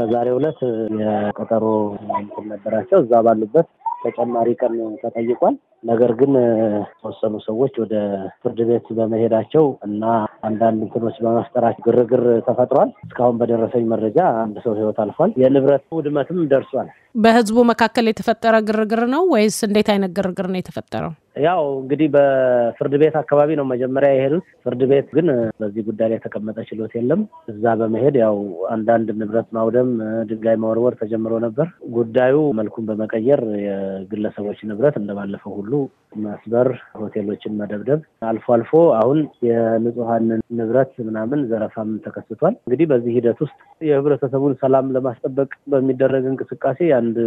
በዛሬ ዕለት የቀጠሮ ነበራቸው። እዛ ባሉበት ተጨማሪ ቀን ተጠይቋል። ነገር ግን የተወሰኑ ሰዎች ወደ ፍርድ ቤት በመሄዳቸው እና አንዳንድ እንትኖች በመፍጠራቸው ግርግር ተፈጥሯል። እስካሁን በደረሰኝ መረጃ አንድ ሰው ህይወት አልፏል። የንብረት ውድመትም ደርሷል። በህዝቡ መካከል የተፈጠረ ግርግር ነው ወይስ እንዴት አይነት ግርግር ነው የተፈጠረው? ያው እንግዲህ በፍርድ ቤት አካባቢ ነው መጀመሪያ የሄዱት። ፍርድ ቤት ግን በዚህ ጉዳይ ላይ የተቀመጠ ችሎት የለም። እዛ በመሄድ ያው አንዳንድ ንብረት ማውደም፣ ድንጋይ መወርወር ተጀምሮ ነበር። ጉዳዩ መልኩን በመቀየር የግለሰቦች ንብረት እንደባለፈው ሁሉ ሁሉ መስበር፣ ሆቴሎችን መደብደብ፣ አልፎ አልፎ አሁን የንጹሀን ንብረት ምናምን ዘረፋም ተከስቷል። እንግዲህ በዚህ ሂደት ውስጥ የህብረተሰቡን ሰላም ለማስጠበቅ በሚደረግ እንቅስቃሴ የአንድ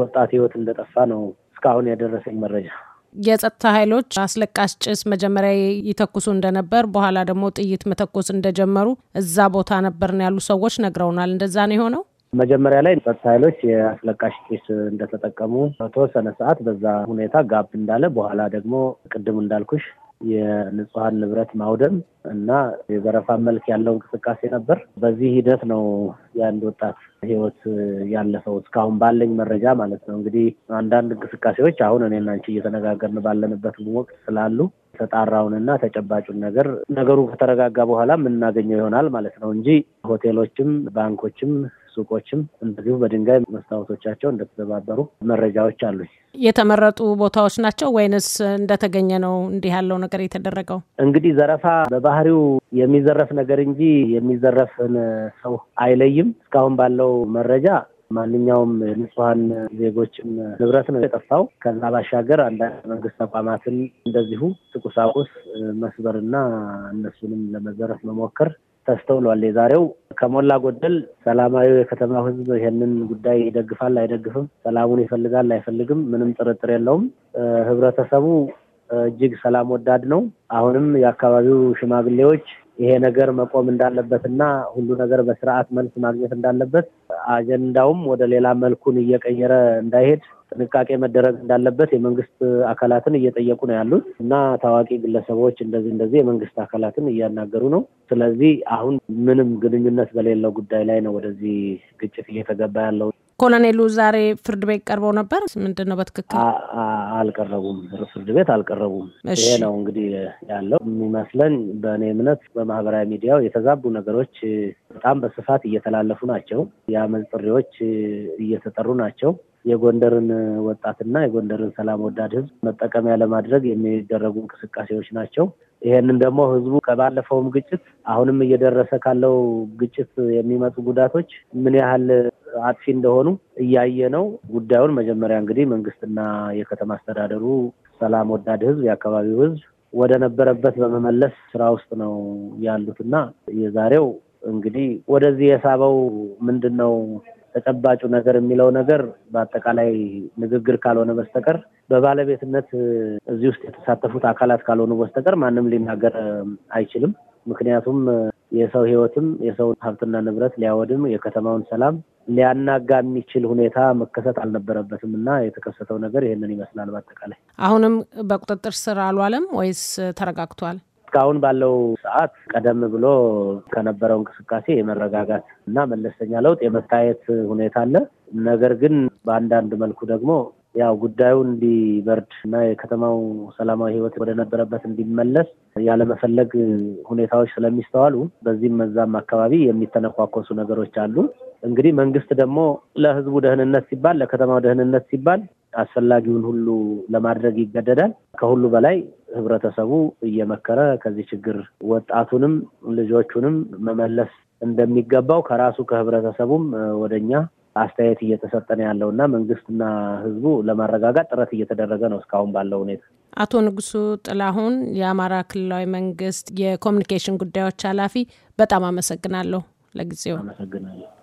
ወጣት ህይወት እንደጠፋ ነው እስካሁን ያደረሰኝ መረጃ። የጸጥታ ኃይሎች አስለቃሽ ጭስ መጀመሪያ ይተኩሱ እንደነበር በኋላ ደግሞ ጥይት መተኮስ እንደጀመሩ እዛ ቦታ ነበርን ያሉ ሰዎች ነግረውናል። እንደዛ ነው የሆነው? መጀመሪያ ላይ ጸጥታ ኃይሎች የአስለቃሽ ጭስ እንደተጠቀሙ በተወሰነ ሰዓት በዛ ሁኔታ ጋብ እንዳለ፣ በኋላ ደግሞ ቅድም እንዳልኩሽ የንጹሀን ንብረት ማውደም እና የዘረፋ መልክ ያለው እንቅስቃሴ ነበር። በዚህ ሂደት ነው የአንድ ወጣት ህይወት ያለፈው እስካሁን ባለኝ መረጃ ማለት ነው። እንግዲህ አንዳንድ እንቅስቃሴዎች አሁን እኔና አንቺ እየተነጋገርን ባለንበት ወቅት ስላሉ ተጣራውንና ተጨባጩን ነገር ነገሩ ከተረጋጋ በኋላ የምናገኘው ይሆናል ማለት ነው እንጂ ሆቴሎችም ባንኮችም ሱቆችም እንደዚሁ በድንጋይ መስታወቶቻቸው እንደተዘባበሩ መረጃዎች አሉኝ። የተመረጡ ቦታዎች ናቸው ወይንስ እንደተገኘ ነው እንዲህ ያለው ነገር የተደረገው? እንግዲህ ዘረፋ በባህሪው የሚዘረፍ ነገር እንጂ የሚዘረፍን ሰው አይለይም። እስካሁን ባለው መረጃ ማንኛውም ንጹሐን ዜጎችን ንብረት ነው የጠፋው። ከዛ ባሻገር አንዳንድ መንግስት ተቋማትን እንደዚሁ ቁሳቁስ መስበርና እነሱንም ለመዘረፍ መሞከር ተስተውሏል። የዛሬው ከሞላ ጎደል ሰላማዊ የከተማ ህዝብ ይህንን ጉዳይ ይደግፋል አይደግፍም፣ ሰላሙን ይፈልጋል አይፈልግም፣ ምንም ጥርጥር የለውም። ህብረተሰቡ እጅግ ሰላም ወዳድ ነው። አሁንም የአካባቢው ሽማግሌዎች ይሄ ነገር መቆም እንዳለበት እና ሁሉ ነገር በስርዓት መልስ ማግኘት እንዳለበት አጀንዳውም ወደ ሌላ መልኩን እየቀየረ እንዳይሄድ ጥንቃቄ መደረግ እንዳለበት የመንግስት አካላትን እየጠየቁ ነው ያሉት እና ታዋቂ ግለሰቦች እንደዚህ እንደዚህ የመንግስት አካላትን እያናገሩ ነው። ስለዚህ አሁን ምንም ግንኙነት በሌለው ጉዳይ ላይ ነው ወደዚህ ግጭት እየተገባ ያለው። ኮሎኔሉ ዛሬ ፍርድ ቤት ቀርበው ነበር። ምንድን ነው በትክክል አልቀረቡም፣ ፍርድ ቤት አልቀረቡም። ይሄ ነው እንግዲህ ያለው የሚመስለኝ። በእኔ እምነት በማህበራዊ ሚዲያው የተዛቡ ነገሮች በጣም በስፋት እየተላለፉ ናቸው። የአመፅ ጥሪዎች እየተጠሩ ናቸው። የጎንደርን ወጣትና የጎንደርን ሰላም ወዳድ ህዝብ መጠቀሚያ ለማድረግ የሚደረጉ እንቅስቃሴዎች ናቸው። ይሄንን ደግሞ ህዝቡ ከባለፈውም ግጭት አሁንም እየደረሰ ካለው ግጭት የሚመጡ ጉዳቶች ምን ያህል አጥፊ እንደሆኑ እያየ ነው። ጉዳዩን መጀመሪያ እንግዲህ መንግስትና የከተማ አስተዳደሩ ሰላም ወዳድ ህዝብ፣ የአካባቢው ህዝብ ወደ ነበረበት በመመለስ ስራ ውስጥ ነው ያሉትና የዛሬው እንግዲህ ወደዚህ የሳበው ምንድን ነው ተጨባጩ ነገር የሚለው ነገር በአጠቃላይ ንግግር ካልሆነ በስተቀር በባለቤትነት እዚህ ውስጥ የተሳተፉት አካላት ካልሆኑ በስተቀር ማንም ሊናገር አይችልም። ምክንያቱም የሰው ሕይወትም የሰውን ሀብትና ንብረት ሊያወድም የከተማውን ሰላም ሊያናጋ የሚችል ሁኔታ መከሰት አልነበረበትም እና የተከሰተው ነገር ይህንን ይመስላል። በአጠቃላይ አሁንም በቁጥጥር ስር አልዋለም ወይስ ተረጋግቷል? እስካሁን ባለው ሰዓት ቀደም ብሎ ከነበረው እንቅስቃሴ የመረጋጋት እና መለስተኛ ለውጥ የመታየት ሁኔታ አለ። ነገር ግን በአንዳንድ መልኩ ደግሞ ያው ጉዳዩ እንዲበርድ እና የከተማው ሰላማዊ ሕይወት ወደነበረበት እንዲመለስ ያለመፈለግ ሁኔታዎች ስለሚስተዋሉ በዚህም መዛም አካባቢ የሚተነኳኮሱ ነገሮች አሉ። እንግዲህ መንግስት ደግሞ ለህዝቡ ደህንነት ሲባል ለከተማው ደህንነት ሲባል አስፈላጊውን ሁሉ ለማድረግ ይገደዳል። ከሁሉ በላይ ህብረተሰቡ እየመከረ ከዚህ ችግር ወጣቱንም ልጆቹንም መመለስ እንደሚገባው ከራሱ ከህብረተሰቡም ወደኛ አስተያየት እየተሰጠነ ያለው እና መንግስትና ህዝቡ ለማረጋጋት ጥረት እየተደረገ ነው እስካሁን ባለው ሁኔታ። አቶ ንጉሱ ጥላሁን የአማራ ክልላዊ መንግስት የኮሚኒኬሽን ጉዳዮች ኃላፊ፣ በጣም አመሰግናለሁ። ለጊዜው አመሰግናለሁ።